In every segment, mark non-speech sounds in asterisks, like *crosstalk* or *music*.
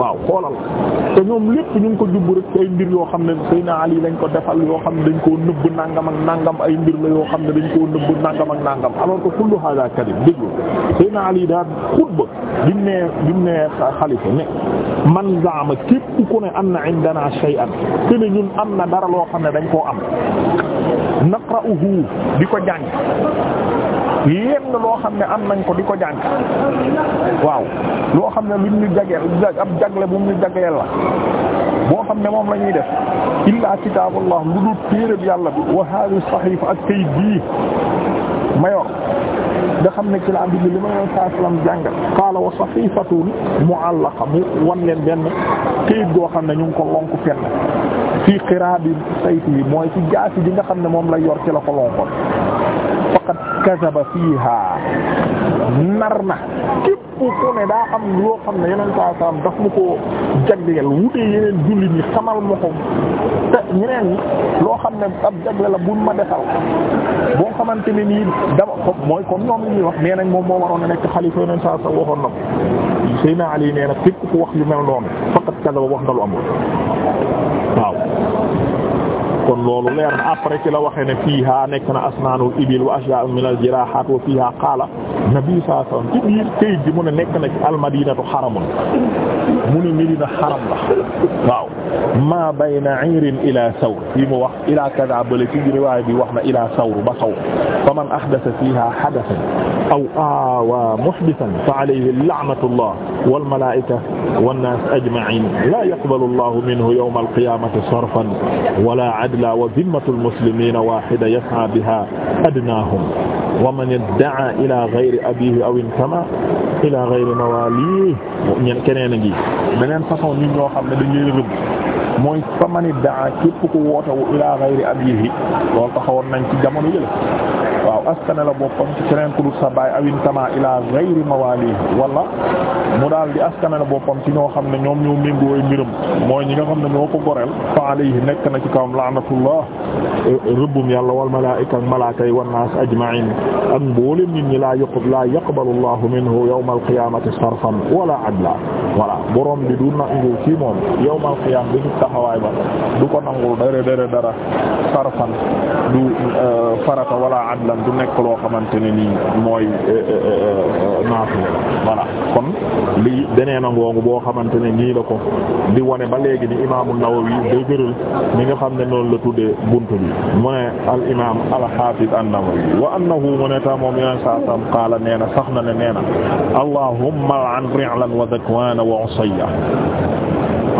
waaw xoolal te ñoom lépp ñu ko jubbu rek ay mbir yoo xam ne Seydina Ali lañ ko defal yoo xam ne dañ koo nëbb nangam ak ay mbir la yoo xam ne dañ ko nëbb nangam ak nangam alors ko kullu hada karim déglu Seydina Ali daal xutba bi mu nee ne man zaama képp ku ne am na indana shay'an te ne ñun am na dara loo xam ne dañ koo am naqra'uhu di ko jàng yenn loo xam ne am nañ ko di ko jànk waaw loo xam ne luñ ñu jageel ab jagle bu ñu jagleel la boo xam ne moom lañuy ñuy def illaa kitaabullah lu dul téeréb yàlla bi wa hadhihi sahifa ak kayit bii mayor nga xam ne ci la bindi li ma leen saa salaam jàngal qaala wa safifatun mu'allaqa mu wan leen benn këyit goo xam ne ñu ngi ko lonku fenn fii xiraabi saytu yi mooy ci jaasi bi nga xam ne moom lay yor ci la ko lonkoon faqad kazaba fiiha nar na képp ku daa am loo xam ne yeneen saa salaam daf mu ko jagleel wute yeneen jullit ñi xamal ma te ñeneen loo xam ne ab jagle la buñ ma defal boo xamante ne nii dama mooy comme ñoom li ñuy wax nee nañ moom moo waroon a nekk xalifa yeneen saa salaam waxoon na ko Seydina Ali nee na képp ku wax lu mel noonu faqad kazaba wax nga lu amul waaw kon loolu leer na après ci la waxee ne fiiha nekk na asnaanul ibil wa ashya min al jirahat wa fiiha qaala nabi sallallahu alayhi wasallam ci biir këyit bi mu ne nekk na ci almadinatu xaramun mu ne medina xaram la waaw ma bayna irin ila sawr fii mu wax ila kada bale ci riwaaya bi wax na ila sawr ba sawr fa man ahdatha fiiha hadathan aw awa muhdithan fa alayhi la'natullah wal malaa'ika wan naas ajma'iin laa yaqbalu Allahu minhu yawmal qiyaamati sarfan wala adlan wa zimmatul muslimiina waahida yas'aa bihaa adnaahum wa man idda'a ilaa ghayri abiihi aw intama ilaa ghayri mawaaliihi ñen keneen a ngi beneen façon nit ñoo xam ne dañuy rëbb mooy fa man idda'a képp ku wootewu ilaa ghayri abiihi loolu taxawoon nañ ci jamono jële ginnaaw askane la boppam ci keneen ku dul sa baay awin kama ila ghayri mawali wala mu daal di askane la boppam ci ñoo xam ne ñoom ñoo méngoo ay mbiram mooy ñi nga xam ne ñoo ko goreel fa alayhi nekk na ci kawam laanatullah rëbbum yàlla wal malaa'ika ak malaaka yi wan naas ajma'in ak mboolem nit ñi laa yaq laa yaqbalu allahu minhu yawmal qiyaamati sarfan wala adla voilà borom bi du nangu ci moom yawmal qiyaam bi ci taxawaay ba du ko nangu dara dara dara sarfan du euh, farata wala adlan du nekk loo xamante ne nii mooy euh, euh, euh, naafila voilà kon lii beneen a ngoongu boo xamante ne nii la ko di wane ba léegi ni imaamu Nawawi day gëral mi nga xam ne noonu la tuddee buntu bi mu ne al imaam al haafid an-Nawawi wa annahu mu ne ta moom yeneen saa sam qaala nee na sax na ne nee na allahumma al'an ri'lan wa dhakwana wa 'usayya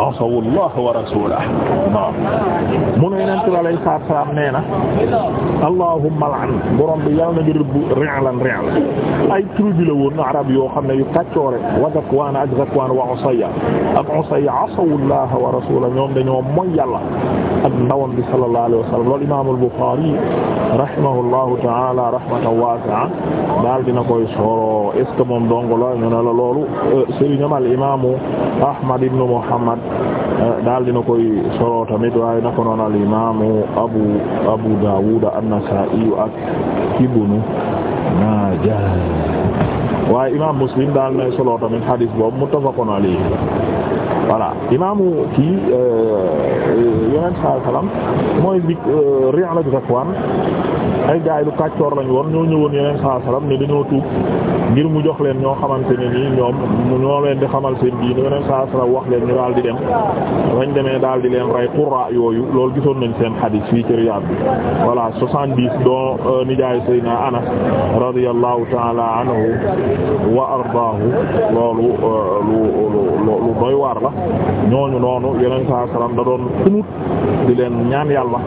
asaw Allah wa rasulahu waaw mu ne yonent bi alayhi salaatu wa salaam nee na allahumma al'an borom bi yàlla na nga rëbb ri'lan ri'lan ay tribu la woon arab yoo xam ne yu tàccoore wa Zakwaan ak Zakwaan wa Usayya ak Usayya asaw Allah wa rasulahu ñoom dañoo mooy yàlla ak ndawam bi sallallahu alayhi wa sallam loolu imaam al-Buxaari rahimahullahu ta'ala rahmatan waasi'a daal dina koy solo est ce que moom dong la ñu ne la loolu euh, sëriñam al imaamu Ahmad ibn Muhammad Eh, daal dina koy solo tamit waaye nako noon al imaamu abu abu daawud an-nasaa'i ak ibnu maajah waaye imaam muslim daal na solo tamit hadith boobu muttafaqun alayhi voilà imaamu kii yeneen saa salaam mooy bi eh, Ri'l Zakwaan ay gaay lu kàccoor lañ woon ñoo ñëwoon yeneen saa salaam ne dañoo tuub ngir mu jox leen ñoo xamante ne nii ñoom ñoo leen di xamal seen diine yeneen saa wax leen ñu daal di dem bañ demee daal di leen rey qurra yooyu loolu gisoon nañ seen xadiis fii ci Riyaad bi voilà soixante-dix don euh, nijaay Seydina Anas radiyallahu ta'ala anhu wa ardaahu loolu euh, lu lu doy waar la ñooñu noonu yeneen saa salaam da doon xunut di leen ñaan yàlla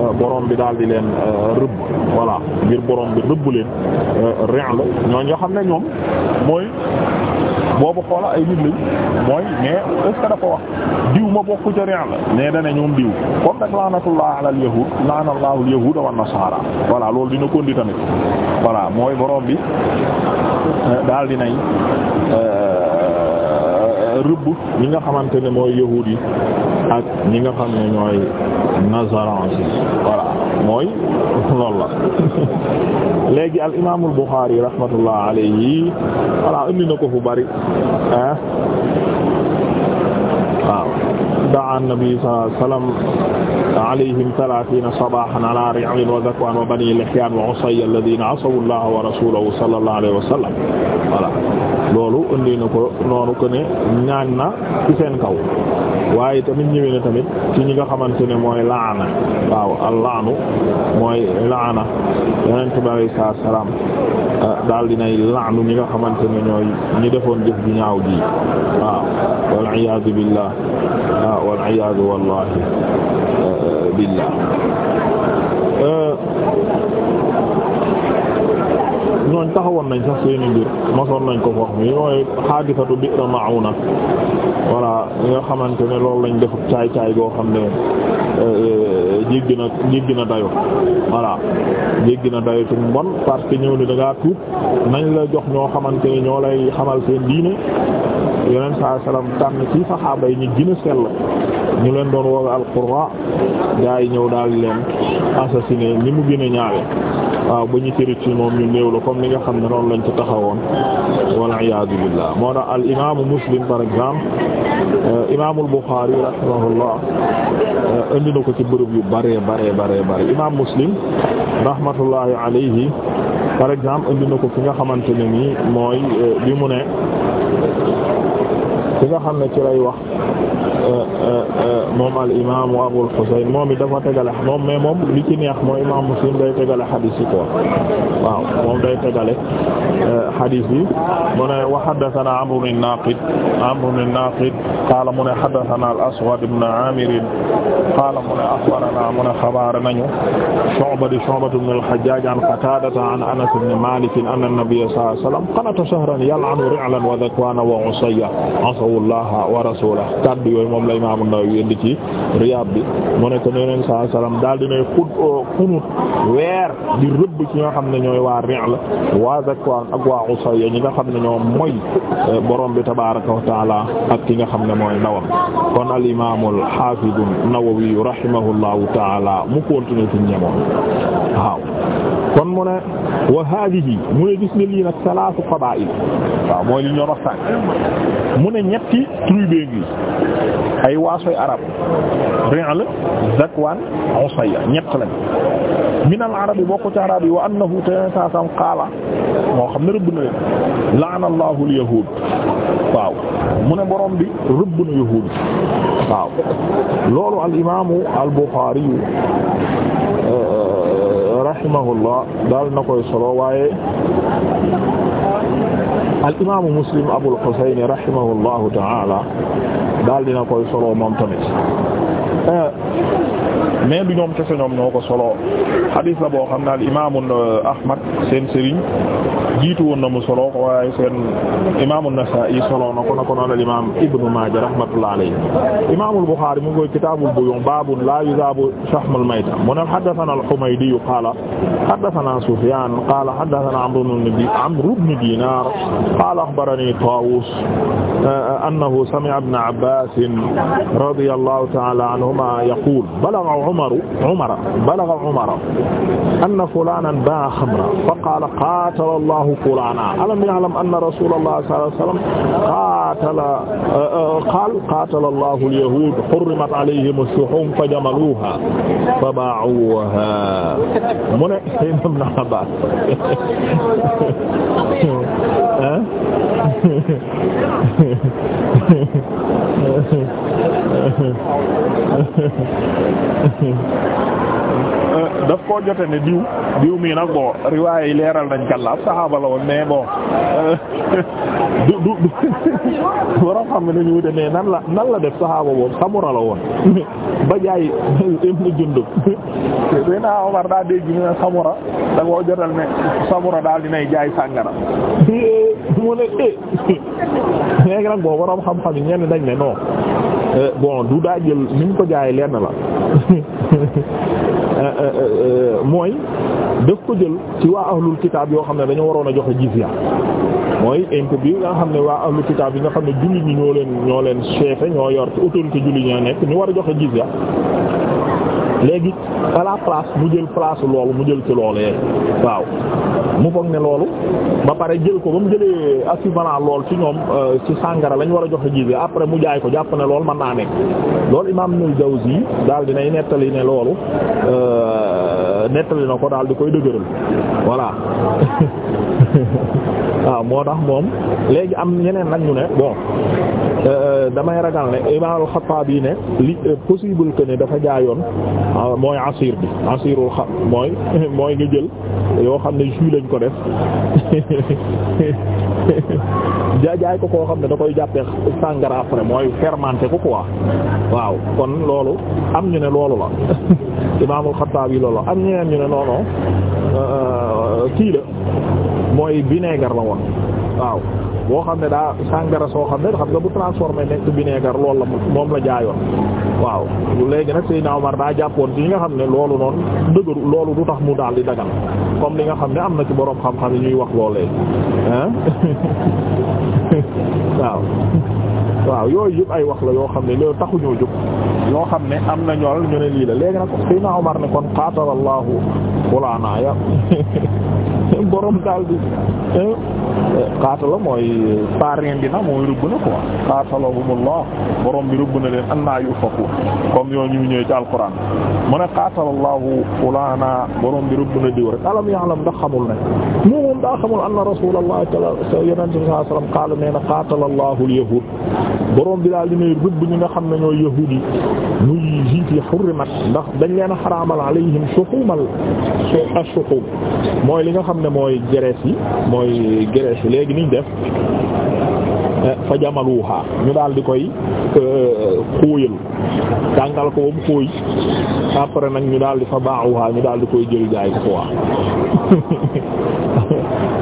euh, borom bi daal di leen rëbb voilà ngir borom bi rëbb leen euh, ren la ñooñu xam ne ñoom mooy boobu xoola ay nit lañ mooy mais est-ce wax diw ma bokk ca ren la mais dana ñoom diw kon nag laanatullah ala al yahud laanallahu al yahud wa nasara voilà loolu dina ko indi tamit voilà mooy borom bi euh, daal dinay euh, rëbb ñi nga xamante ne mooy yahuud yi ak ñi nga xam ne ñooy nazaran si voilà mooy *laughs* loolu la *laughs* léegi al imaamul Buxaari rahmatullah alayhi voilà indi na ko fu bari ah waaw daa nabi sallallahu alayhi wa sallam alayhim thalathina sabahan ala ri'in wa zakwan wa bani lihyan wa usayya alladhina asaw allaha wa rasulahu sallallahu alayhi wa sallam voilà loolu indi na ko noonu ko ne ñaan na seen kaw waaye tamit ñëwee tamit ci ñi nga xamante ne mooy laana waaw allaanu mooy laana yonent bi alayhi salaam ah, daal dinay laanu ñi nga xamante ne ñooy ñi defoon jëf ju ñaaw ji waaw wal iyaadu billah ah wal iyaadu wallaahi eh, eh, billaah eh, ñooñ taxawoon nañ sax seeni mbir mosoon nañ ko wax mi mooy xaadisatu bi'r ma'una voilà nga xamante ne loolu nañ def caay caay goo xam ne jéggi na jéggi na dayo voilà jéggi na dayo ci mbon parce que ñëw ni da tuub nañ la jox ñoo xamante ne ñoo lay xamal seen diine yonent saa salaam tànn ci saxaaba yi ñu gën a sell ñu leen doon woowe al-qurra gaa yi ñëw daal leen assassiné ni mu gën a ñaawe waaw ba ñu ci moom ñu néew la comme ni nga xam ne noonu lañ ci taxawoon wal iyaadu billah moo tax al imaamu muslim par exemple euh, imaamul buxaari rahimahullah euh, indi na ko ci bërëb yu bare bare bare bare imaam muslim rahmatullahi alayhi par exemple indi na ko fi nga xamante ne nii mooy euh, bi mu ne fi nga xam ne ci lay wax euh, euh, euh, moom al imaamu Abul Husayn moom it dafa tegale moom mais moom li ci neex mooy imaam Muslim day tegale xadiis yi quoi waaw moom day tegale xadiis yi mu ne wa haddathanaa Amrun an-Naaqid Amrun an-Naaqid qaala mu ne haddathanaa al-Aswad ibn Aamir qaala mu ne akhbaranaa mu ne xabaar nañu Shu'ba di Shu'ba ibn al-Hajjaaj an Qataadata an Anas ibn Maalik anna an-nabiyya sallallahu alayhi wa sallam qanata shahran yal'anu ri'lan wa dhakwaan wa 'usayya wallaha wa rasulah kaddu yooyu moom la Imaam An-Nawawi indi ci Riyaad bi mu ne ko Yonent saa salaam daal di ne euh, di rëbb ci ñoo xam ne ñooy waa Ri'l waa Zakwaan ak waa Usayya ñi nga xam ne ñoom mooy euh, borom bi tabaaraka wa taala ak ki nga xam ne mooy ndawam kon al Imaam al-Haafiz An-Nawawi rahimahullahu taala mu continuer ci ñemoon waaw kon mu ne wa hadihi mu ne gis ne lii nag salaasu qabaa'il waaw mooy li ñoo wax mu ne ñetti tribu ngi ay waasoy arab Ri'l Zakwaan Usayya ñett lañ min al arab arab yi wa annahu te saa qaala moo xam ne rëbb na leen la'ana Allahu al yahuud waaw rahimahullah daal na koy solo waaye al imaamu muslim abul husayn rahimahullahu ta'ala daal dina koy solo moom tamit eh, mais du ñoom kese ñoom ñoo ko solo hadis la boo xam ne al imaamu Ahmad seen sëriñ jiitu woon na mu solo ko waaye seen imaamu Nasaa'i solo na ko na ko noonu al imaam Ibnu Maaja rahmatullahi alayhi imaamul Buxaari mu ngi koy kitaabul buyuun baabun laa yuzaabu shahmul mayta mu ne haddasanaa al-Humaydi qaala haddasanaa Sufyaan qaala haddasanaa Amru bnu Diinaar qaala axbaranii Taawus annahu sami'a Ibna Abbaas radiyallaahu ta'aalaa anhumaa yaquulu balagha Umaru Umara balagha Umara anna fulaanan baa'a xamra fa qaala qaatala Allahu fulaana alam ya'lam anna rasuulallahi sallallahu alayhi wa sallam qaatala qaala qaatala Allahu al-yahuud hurrimat alayhim ash-shuhuum fa jamaluuhaa fa baa'uuhaa mu ne Ibn Abbaas ah *laughs* *laughs* Euh, daf koo jote ne diw diw mii nag bon riwaay yi leeral nañ kàllaaf saxaaba la woon mais bon euh, *laughs* du du du war *laughs* a xam ne dañu wute mais nan la nan la def saxaaba boobu samura la woon *laughs* ba jaay ibnu Jundub Seydina Omar daa dégg ñu ne samura da koo jotal ne samura daal dinay jaay sàngara mu ne eh, léegi nag boo waroon xam-xam yi ñenn dañ ne non Euh, bon du daa jël ni mu ko jaayee lenn la *laughs* euh, euh, mooy daf ko jël ci waa ahlul kitaab yoo xam ne dañoo waroon a joxe jizya mooy impôt bi nga xam ne waa allu kitaab yi nga xam ne jullit ñi ñoo leen ñoo leen chefé ñoo yor ci autorité jullit ñoo nekk ñu war a joxe jizya léegi à la mu jël place loolu mu jël ci loolee waaw mu foog ne loolu ba pare jël ko ba mu jëlee assuvalent lool ci ñoom euh, ci sàngara lañu war a joxe jibe après mu jaay ko jàpp ne loolu mën naa nekk loolu imaam Ibnul Jawzi daal dinay nettali ne loolu euh, nettali na ko daal di koy dëgëral voilà waaw *laughs* ah, moo tax moom léegi am ñeneen nag ñu ne bon euh, damay ragal ne Imaam al yi ne li euh, possible que ne dafa jaayoon ah, mooy asir bi asirul xam mooy *laughs* mooy nga jël yoo xam ne jus lañ ko def *laughs* jaa jaay ko koo xam ne da koy jàppee sàngara après mooy fermenté ko quoi waaw kon loolu am ñu ne loolu la *laughs* Imaam al-Xattaabi loolu am ne ñu ne non non euh, euh, kii la mooy vinaigre la woon waaw. boo xam ne daa sàngara soo xam ne xam nga bu transformé nekk vinaigre loolu la moom la jaayoon waaw léegi nag Seydina Omar daa jàppoon ci ñi nga xam ne loolu noonu dëgëru loolu du tax mu daal di dagal comme li nga xam ne am na ci boroom xam-xam yi ñuy wax loolee ah *laughs* waaw waaw yooyu yëpp ay wax la yoo xam ne loolu taxuñoo jóg yoo xam ne am na ñool ñu ne lii la léegi nag Seydina Omar ne kon qaatalallahu wulaanaaya *laughs* borom daal di qaatala mooy parrain bi na mooy rëbb na quoi qatalahumullah borom bi rëbb na leen anna yufaku comme yoo ñu ñëw ci alquran mu ne qatalallahu fulana borom bi rëbb na diw rek alam ya'lam ndax xamul ne mu moom daa xamul anna rasulullah yonente bi sallallahu alayhi wasallam qaala nee na qatalallahu alyahud borom bi daal di ne rëbb ñi nga xam ne ñooy yahuudi muy juif yi hurrimat ndax dañ leen a xaraamal alayhim shuhumal ashuhum mooy li nga xam ne mooy graisse yi mooy graisse yi léegi niñ def fa jamaluha ñu daal di koy euh, xóoyal tàngal ko ba mu xóoy après nag ñu daal di fa ba'uha ñu daal di koy jël jaay ko quoi *laughs*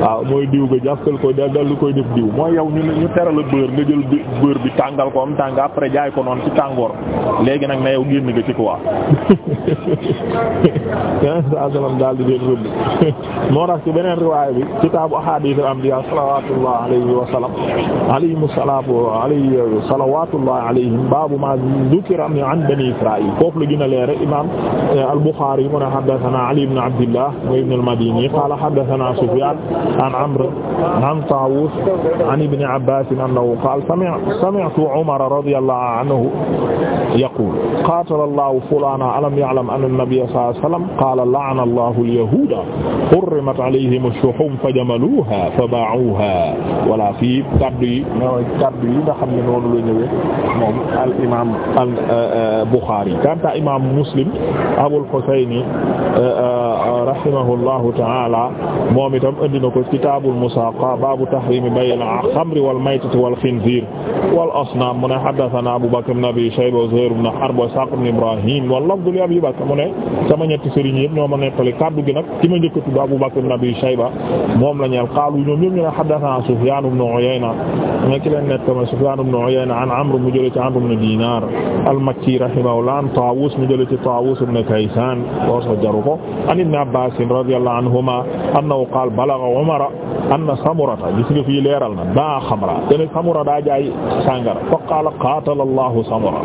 waaw mooy diw ga jàppal ko dal dal lu koy def diw mooy yow ñu ñu teral a beurre nga jël beurre bi tàngal ko am tàng après jaay ko noon ci tàngoor léegi nag na yow génn nga ci ko *laughs* sa daal di leen *laughs* moo tax ci beneen riwaaya bi kitaabu ahadith al-anbiya salawatullah alayhi wa sallam alayhim salaatu alayhi salawatullah alayhim baabu ma dhukira an bani israil foofu la gën a leere imam eh, al-Bukhari mu ne haddathana Ali ibn Abdillah wa ibn al-Madini qala haddathana Sufyan an Amr an Taawus an Ibni Abbaas annahu qaala sami'tu Umar radiyallahu anhu yaquulu qaatala Allahu fulaanan alam ya'lam anna nabiyya sallallahu alayhi wa sallam qaala la'ana Allahu al-yahuuda hurrimat alayhim ash-shuhum fajamaluuhaa fabaa'uuhaa voilà fii kaddu yi kaddu yi nga xam ne noonu la ñëwee moom al imaam al euh, euh, Buxaari kanta imaam Muslim Abul Husayni euh, rahimahullahu ta'ala moom itam indi na ko kitaabul musaaqa baabu tahriimi bay'il xamri wal maytati wal xinziir wal asnaam mu ne haddasanaa Abuu Bakr ibn Abii Shayba wa Zuhayr ibn Harb wa Ishaaq ibn Ibraahiim wal lafdu li Abii Bakr mu ne sama ñetti sëriñ yëpp ñoo ma nettali kaddu gi nag ki ma njëkk a tudd Abuu Bakr ibn Abii Shayba moom la ñeel qaalu ñoom ñoom ñu ne haddasanaa Sufyaan ibn Uyayna ne ki leen nettali Sufyaan ibn Uyayna an Amr mu jëlee ci Amr ibn Diinaar al-Makki rahimahullah an Taawus mu jëlee ci Taawus ibn Kaysaan Abbaas radiyallahu anhuma annahu qaala balagha Umara anna Samurata gis nga fii leeral na daa xamra dana Samura daa jaay sàngara fa qaala qaatala Allahu Samura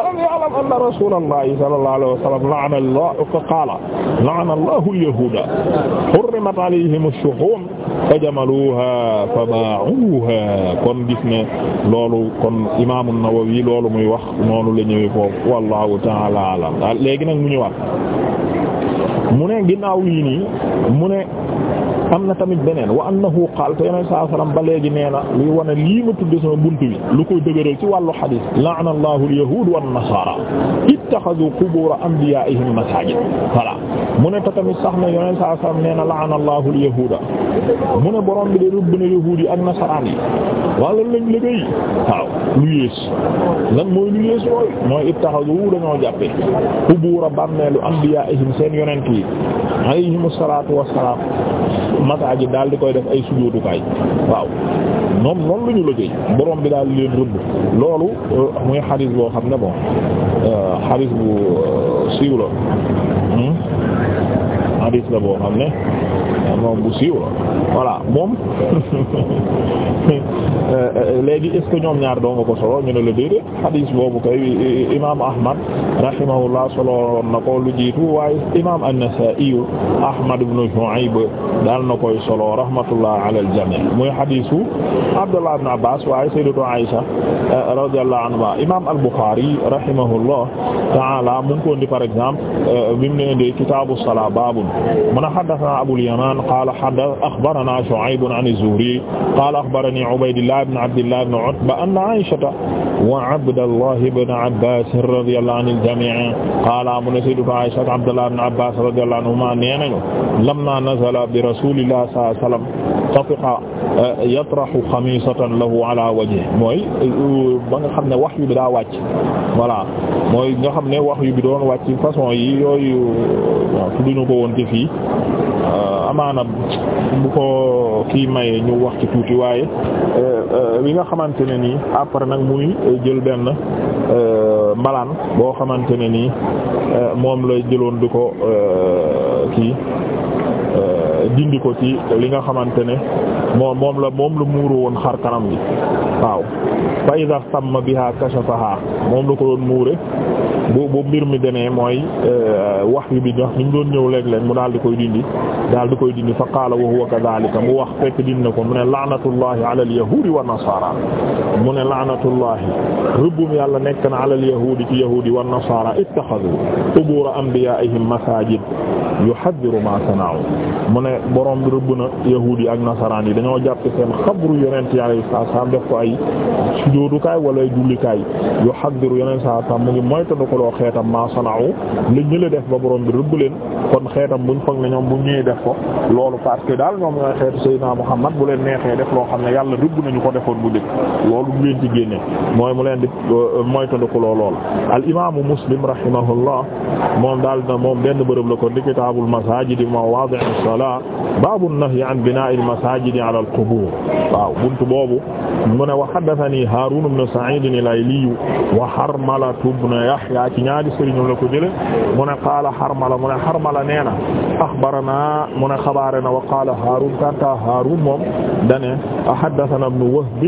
alam ya'lam anna rasuulallahi sallallahu alayhi wa sallam la'ana Allahu fa qaala la'ana Allahu al-yahuuda hurrimat alayhim ash-shuhuum fajamaluuhaa fabaa'uuhaa kon gis ne loolu kon imaam an-Nawawi loolu muy wax noonu la ñëwee foofu wallahu ta'ala alam léegi nag mu ñëwaat mu ne ginnaaw lii nii mu ne am na tamit beneen wa annahu qaal te yeneen saa salaam ba léegi nee na luy wane lii ma tudde sama bunt bi lu koy dëgëral ci wàllu xadiis la'ana allahu al-yahuud wan nasaara ittaxadu qubuura anbiyaa'ihim masaajid voilà mu ne te sax na yoneen saa na la'ana Allahu al-yahuuda mu ne borom bi de rëbb na yahuud yi ak nasaraan yi wala lañ liggéey waaw lu yées lan mooy lu yées mooy mooy ittaxadu dañoo jàppee qubuura bàmmeelu anbiyaa'ihim seen yonent yi alayhimu salaatu wassalaam masaajid daal di koy def ay sujjóotukaay waaw ñoom noonu la ñu liggéey borom bi daal leen rëbb loolu euh, muy xadiis boo xam ne bon euh, xadis bu euh, siiw la hmm? xadis la boo xam ne moom bu siiw la voilà moom *laughs* Euh, euh, léegi est ce que ñoom ñaar doo nga ko solo ñu ne la déedéet hadis boobu kay euh, imaam Ahmad rahimahullah solo na ko lu jiitu waaye imaam an-Nasa'i Ahmad ibn Shu'ayb daal na koy solo rahmatullah ala al-jami' muy hadisu Abdullah ibn Abbas waaye sayyidatu Aisha radiyallahu anha imaam al-Bukhari rahimahullah ta'ala mu ngi ko indi par exemple bi mu ne indi kitaabu salaa baabun man haddathana Abul Yaman qala haddath akhbarana Shu'ayb an az-Zuhri qala akhbarani Ubaydullah Abdallah ibn Abdillah ibn Utba anna Aysata wa Abdallah ibn Abbas radiyallahu anil jamii' qaala mu ne sayyidatu Aysa Abdallah ibn Abbas radiyallahu anhuma nee nañu lamma nazala bi rasulillah sallallahu alayhi wa sallam tafiqa eh, yatrahu xamisatan lahu ala wajhi mooy eh, ba nga xam ne wahyu bi daa wàcc voilà mooy nga xam ne wahyu bi doon wàcc façon yi yooyu tudd ñu ko woon ci fii amaana bu ko kii may ñu wax ci tuuti waaye euh, euh, li nga xamante ne nii après nag muy jël benn euh, malaan boo xamante ne nii moom la jëloon du ko kii dindi ko ci li nga xamante ne moom moom la moom la muuru woon xar kanam bi waaw fa ida samma biha kashafaha moom la ko doon muure bu bu mbir mi demee mooy eh, wax yu bi wax ni mu doon ñëw léeg-léeg mu daal di koy dindi daal di koy dindi fa qaala wa huwa kadhalika mu wax fekk dindi ko mu ne laanatullahi ala alyahudi wa nasara mu ne laanatullahi rëbbum yàlla nekk na ala alyahudi ci yahudi wa nasara ittaxadu qubur anbiyaa'ihim masaajid yuhaddiru ma sana'u ne borom bi rëbb na yahuud yi ak nasaraan yi dañoo jàpp seen xabru yonent yàlla yi saa saa def ko ay sujjóotukaay wala ay jullikaay yu xaddiru yonent saa saa mu ngi moytanu ko loo xeetam maa sanaaw la ñu def ba borom bi rëbb leen kon xeetam buñ foog ne ñoom bu ñëwee def ko loolu parce que daal ñoom ñooy xeetu Seydina Muhammad bu leen neexee def loo xam ne yàlla rëbb nañu ko defoon bu dëkk loolu du leen ci génne mooy mu leen di euh, euh, moytanu ko taala baabu nahyi an binaa'i al-masaajidi ala al-qubuur waaw buntu boobu mu ne wa haddathanii Haaruun ibn Sa'iid al-Ayli wa Harmalatu ibn Yahyaa ci ñaari sëriñ la ko jële mu ne qaala Harmala mu ne Harmala nee na axbaranaa mu ne xabaare na wa qaala Haaruun kanta Haaruun moom dane haddathanaa ibn Wahb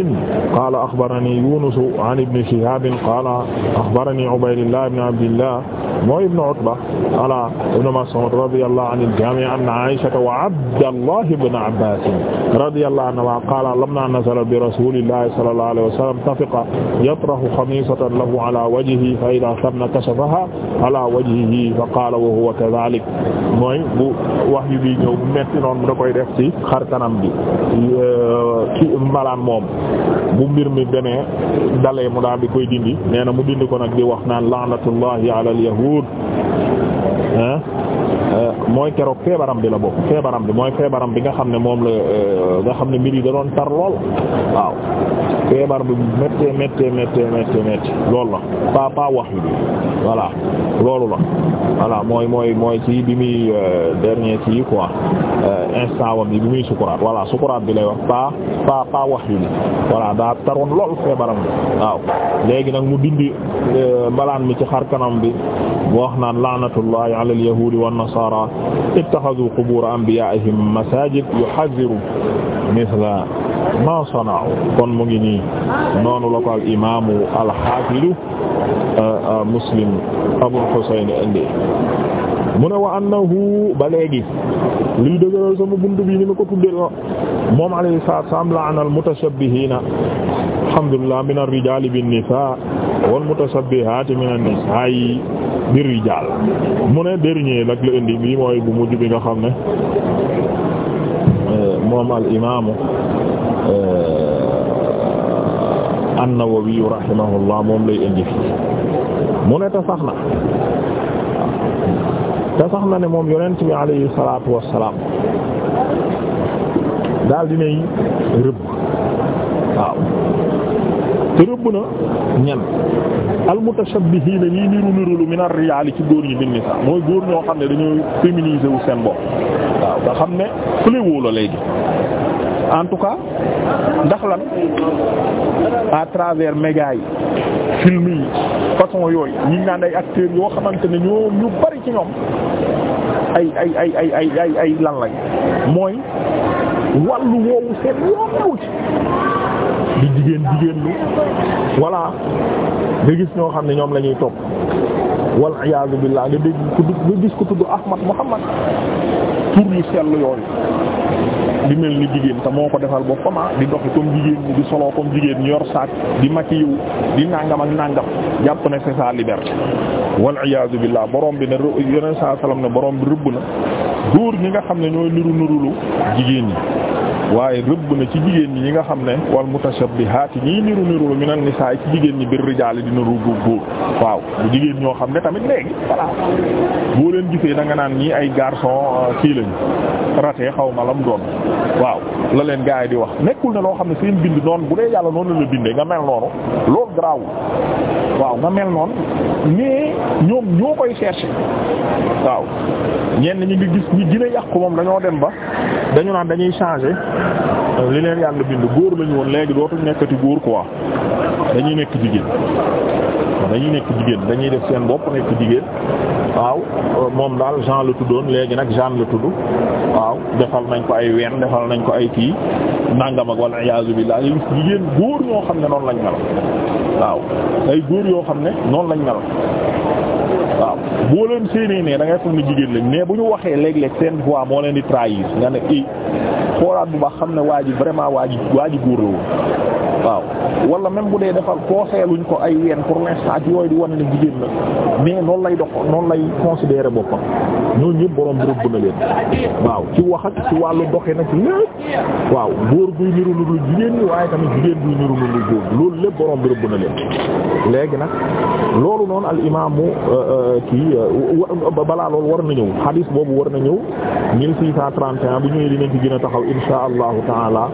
qaala axbaranii Yuunus an ibn Shihaab qaala axbaranii Ubaydullah ibn Abdillah mooy ibn Utba ala ibn Mas'uud radiyallahu anil jamii' anna Aysata Abdallah ibn Abbas radiyallahu anhuma qaala lamma nazala bi rasulillahi sallallahu alayhi wa sallam tafiqa yatrahu khamisatan lahu ala wajhihi fa idha thamma kashafaha ala wajhihi fa qaala wa huwa kadhalik mooy bu wax yu bi ñëw bu metti noonu da koy def ci xar kanam bi ci mbalaan moom bu mbir mi demee dalee mu daal di koy dindi nee na mu dindi ko nag di wax naan la'natullahi ala al-yahud mooy keroog feebaram bi la bokk feebaram bi mooy feebaram bi nga xam ne moom la euh, nga xam ne mbir yi da doon tar lool waaw feebar bi méttee méttee méttee méttee méttee loolu la pa pa wax yi bi voilà loolu la voilà mooy mooy mooy ci bi muy euh, dernier ci quoi euh, instant wam yi bi muy sukuraat voilà sukuraat bi lay wax pa pa wax bi voilà daa taroon lool feebaram bi waaw léegi nag mu dindi mbalaan mi ci xar kanam bi wax naan laanatullahi ala al yahudi wan ittaxadu qubuur anbiyaa'ihim masaajid yuhadhiru mithla ma sana'u kon mu ngi nii noonu la ko al imaamu al haafidu muslim abul husayn indi mu ne wa annahu ba léegi liy dëgëral sama buntu bi ni ma ko tuddee moom alayhi salaam la'ana al mutashabbihiina alhamdulillah min ar-rijaali bin-nisaa wal mutashabbihaati min an-nisaa'i bir-rijaal mu ne dernier nag la indi bi mooy bu mujj bi nga xam ne euh, moom al-imaamu euh, an-Nawawi rahimahullah moom lay indi fi mu ne te sax na te sax na ne moom yonent bi alayhi salaatu wassalaam daal dinay rëbb waaw rëbb na ñan almutashabbihiina ñii niru niru lu min ar ci góor ñi bin nisaa mooy góor ñoo xam ne dañoo féminiser wu seen bopp waaw xam ne fléau la léegi en tout cas ndax lan à travers méga yi film yi façon yooyu ñi naan ay acteurs yoo xamante ne ñoo ñu bari ci ñoom ay ay ay ay ay lan lañ mooy wàllu woowu seen yoon ci di jigéen jigéen lu voilà nga gis ñoo xam ne ñoom la ñuy topp wal iyaazu billaah nga dégg ku nga gis ko tudd Ahmad Muhammad tur yu sell yooyu di mel ni jigéen te moo ko defal boppam ah. di doxi comme jigéen ñi di soloo comme jigéen ñu yor saak di maquillé di nangam ak nangam jàpp na c'est sa liberté wal iyaazu billaah borom bi ne yeneen saa salaam ne borom bi rëbb na góor ñi nga xam ne ñooy nuru nurulu jigéen ñi. waaye rëbb na ci jigéen ñi ñi nga xam ne wal mutashabbihaati ñii niru niru minan nisaa ci jigéen ñi bir rijaali dina rubu góor waaw bu jigéen ñoo xam ne tamit léegi voilà boo leen gisee da nga naan ñii ay garçon euh, kii lañu raté xaw ma lam doon waaw la leen gaay di wax nekkul ne loo xam ne seen bind noon bu dee yàlla noonu la la bindee nga mel noonu loolu garaawul waaw nga mel noon mais ñoom ñoo koy chercher waaw ñenn ñi ngi gis ñi gën yàqu moom dañoo dem ba dañu naan dañuy changer Euh, li leen yàlla bind góor lañu woon léegi dootuñ nekkati góor quoi dañuy nekk jigéen dañuy nekk jigéen dañuy def seen bopp nekk jigéen waaw euh, moom daal Jean la tuddoon léegi nag Jeanne la tudd waaw defal nañ ko ay ween defal nañ ko ay kii nangam ak wala iyaazu billah jigéen góor ñoo xam ne noonu lañ mel waaw ay góor yoo xam ne noonu lañ mel waaw boo leen séenee ne da ngay foog jigéen lañ mais bu ñu waxee léeg-léeg seen voix moo leen di trahir nga ne i xoolaat bu baax xam ne waa ji vraiment waaj ji waa ji góor la woon waaw wala même bu dee dafa pooseeluñ ko ay ween pour l'instant yooyu di wane ne jigéen la mais noonu lay dox noonu lay considérer boppam ñooñu ñëpp borom bi rëbb na leen waaw ci wax ak ci wàllu doxee nag waaw góor buy niru lu dul jigéen ñi waaye tamit jigéen buy niru lu dul góor loolu lépp borom bi rëbb na leen léegi nag loolu noonu al imaamu euh, euh, kii euh, balaa loolu war na ñëw xadiis boobu war na ñëw 1631 bu ñëwee dinañ ci gën a taxaw insha allahu taala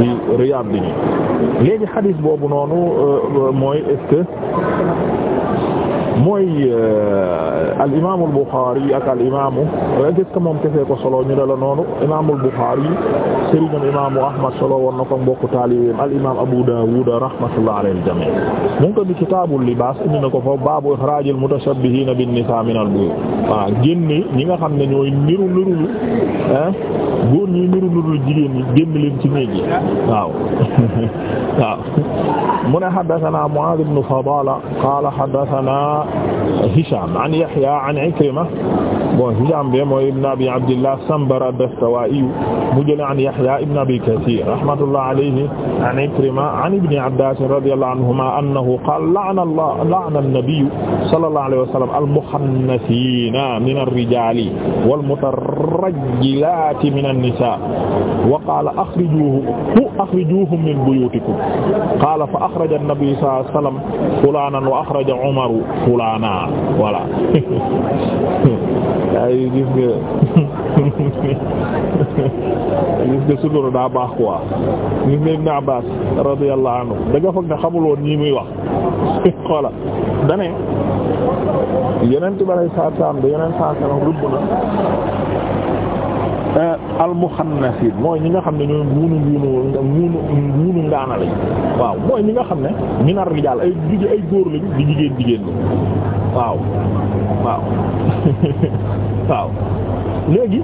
ci Riyad bi léegi xadis boobu noonu euh, euh, mooy est-ce que mooy euh, al imaamu al Buxaari ak al imaamu est-ce ko solo ñu ne la noonu imaamu al Buxaari sëriñam imaamu Ahmad solo woon na ko mbokku taalibeem al imaam Abu Daawud rahmatullahi alal jamii mu ngi ko di kitaabul libaas indi na ko fa baabu ixraajil mutashabbihiina bin nisaa min al buyuut waaw génne ñi nga xam ne ñooy niru niru lu ah góor jigéen ñi leen ci néeg yi waaw *laughs* waaw mu ne haddasanaa Fadaala qaala haddasanaa Hisham an Yahya an Ikrima bon Hisham bi mooy ibn Abi Abdillah Sambar ad-Dastuwaa'i mu jële an Yahya ibn Abi Kathir rahmatullah alayhi an Ikrima an Ibn Abbas radiyallahu anhuma annahu qaala la'ana Allah la'ana an-nabiy sallallahu alayhi wa sallam al-mukhannathina min ar-rijali wal-mutarajjilati min an-nisa wa qaala akhrijuhu akhrijuhum min buyutikum qaala fa akhraja an-nabiy sallallahu alayhi wa sallam fulanan wa akhraja Umar mawlaana voilà *laughs* ay gis nga *laughs* gis nga sutura daa baax quoi gis nga Ibn Abbas radiyallahu anhu da nga foog ne xamuloon ñii muy wax xoola *laughs* dane yeneen tubaab yi saa saa am da yeneen saa saa rëbb na. Euh, almuxannasiin mooy ñi nga xam ne ñooy muunu muunu muunu muunu ngaana lañ waaw mooy ñi nga xam ne minar rijaal ay jigéen ay góor lañ di jigéen jigéen lañ waaw waaw *laughs* waaw léegi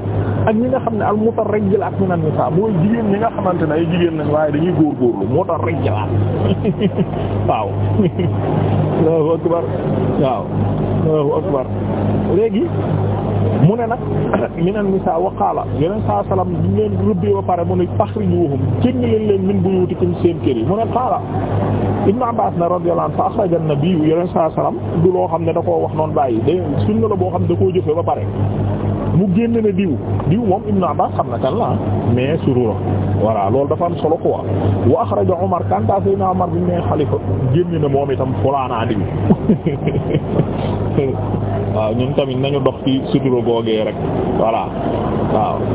ak ñi nga xam ne al mutarajjilaat minan nisaa mooy jigéen ñi nga xamante ne ay jigéen lañ waaye dañuy góorgóorlu mutarajjilaat *laughs* waaw *laughs* Allahu akbar waaw Allahu akbar léegi mu ne nag minan nisa wa qaala yeneen saa salaam ñu leen rëbbee ba pare mu ne akhrijuhum génn leen leen min buyutikum seen kër yi mu ne qaala Ibn Abbas na radiyallahu anhu fa akhraja na nabi yeneen saa salaam du loo xam ne da koo wax noonu bàyyi de sunna la boo xam ne da koo jëfee ba pare. mu génn ne diw diw moom Ibn Abbas xam na kan la mais surura voilà loolu dafa am solo quoi wa axraja Umar kanta sayna Umar bi ne xalifa génn ne moom itam fulaana diw *laughs* waaw ñun tamit nañu dox ci sutura googee rek voilà waaw *laughs*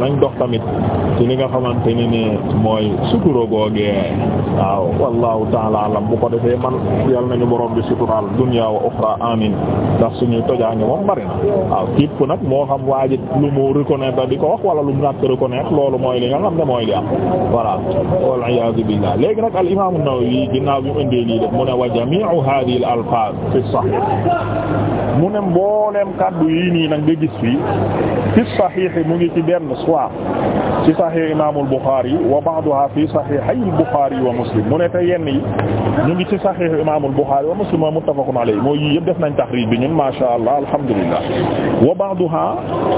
nañ dox tamit ci li nga xamante ne ne mooy sutura googee waaw wallahu taala alam bu ko defee man yal nañu borom bi suturaal dunya wa ukhra amin ndax suñuy tojaange moom bari waaw képp nag moo xam waaji lu mu reconnaître di ko wax wala lu mu nak reconnaître loolu mooy li nga xam ne mooy li am voilà wal iyaazu billah léegi nag al imam an-Nawawi ginnaaw bi mu indee lii def mu ne wa jami'u hadhihi al fi sahih mu ne mbooleem kaddu yii nii nag trois ci sahih imaamul Bukhari wa ba'duha fi sahihayil Bukhari wa Muslim mu ne te yenn ñu ngi ci sahih imaamul Bukhari wa Muslim wa muttafaqun alayhi mooy yii yëpp def nañ taxriij bi ñun ma sha Allah alhamdulillah wa ba'duha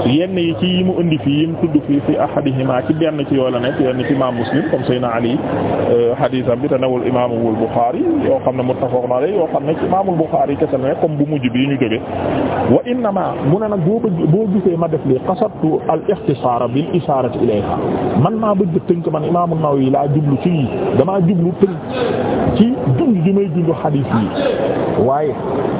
ci yi mu indi fii yi mu tudd fii fi ahadihima ci benn ci yoo la nekk yenn ci imaam Muslim comme Seydina Ali euh, hadiisam bi te newul imaamul Bukhari yoo xam ne muttafaqun alayhi yoo xam ne ci imaamul kese la nekk comme bu mujj bi ñu jóge wa innama mu ne lil isharati ilayha man maa bëgg tënk man Imaam An-Nawawi laa jublu ci lii damaa jublu tënk ci junj bi may junj xadiis yi waaye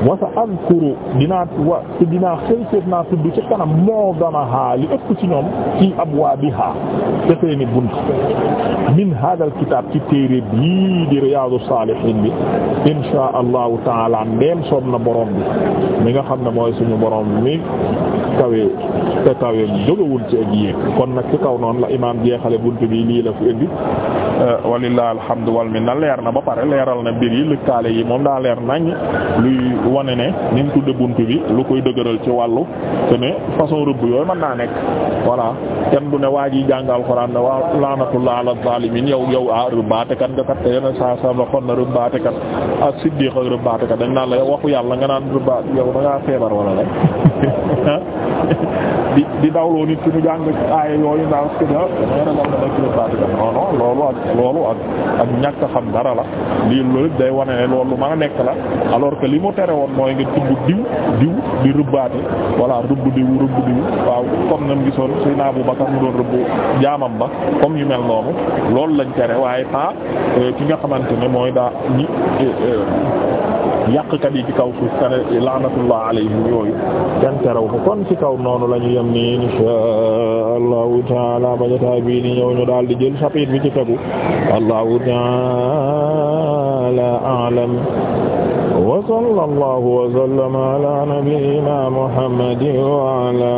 wa sa azkuru dinaa wa te dinaa xëyséet naa tudd ci kanam moo damaha li ëpp ci ñoom ci abwaabiha te seeni bunt min hadha al-kitaab ci téere bii di Riyâdous-Sâlihîne bi inshaa allahu taala ndeem soob na borom bi mi nga xam ne mooy suñu borom mi kawe te kawe jógawul ci ak yéen kon nag ci kaw noonu la imaam jeexale bunt bi lii la fi indi euh, walilah alhamdu wal minna leer na ba pare leeral na mbir yi lëkkaale yi moom daa leer nañ luy wane ne ni mu tudde buntu bi lu koy dëgëral ci wàllu te ne façon rëbb yooyu mën naa nekk voilà kenn bu ne waa ji jàng alxuraan ne waa laanatullah ala zalimin yow yow ah rëbbaatekat nga kat te yeneen saa saa la xon na rëbbaatekat ak siddiq ak rëbbaatekat dañ naan la waxu yàlla nga naan rëbbaat yow feebar wala la *laughs* di di dawloo nit ki mu jàng aaya yooyu ndax parce que da loolu ak loolu xam dara la lii loolu day wane ne loolu a nekk la alors que li mu tere woon mooy nga tudd diw diw di rëbbaate voilà rëbb diw rëbb diw waaw comme nam gisoon Seydina Abu Bakar mu doon rëbb jaamam ba comme yu mel noonu loolu lañ tere waaye pas euh, ki nga xamante ne mooy daa ñi euh, euh, yàqkat yi ci kaw suuf kane laanatullah alayhim yooyu kenn terew ko kon ci kaw noonu la ñu yem ni insha allahu taala bajataay bii ni ñëw ñu daal di jël chapitre bi ci tegu allahu taala a'lam wa sallallahu wa sallama ala nabiyyina muhammadin wa ala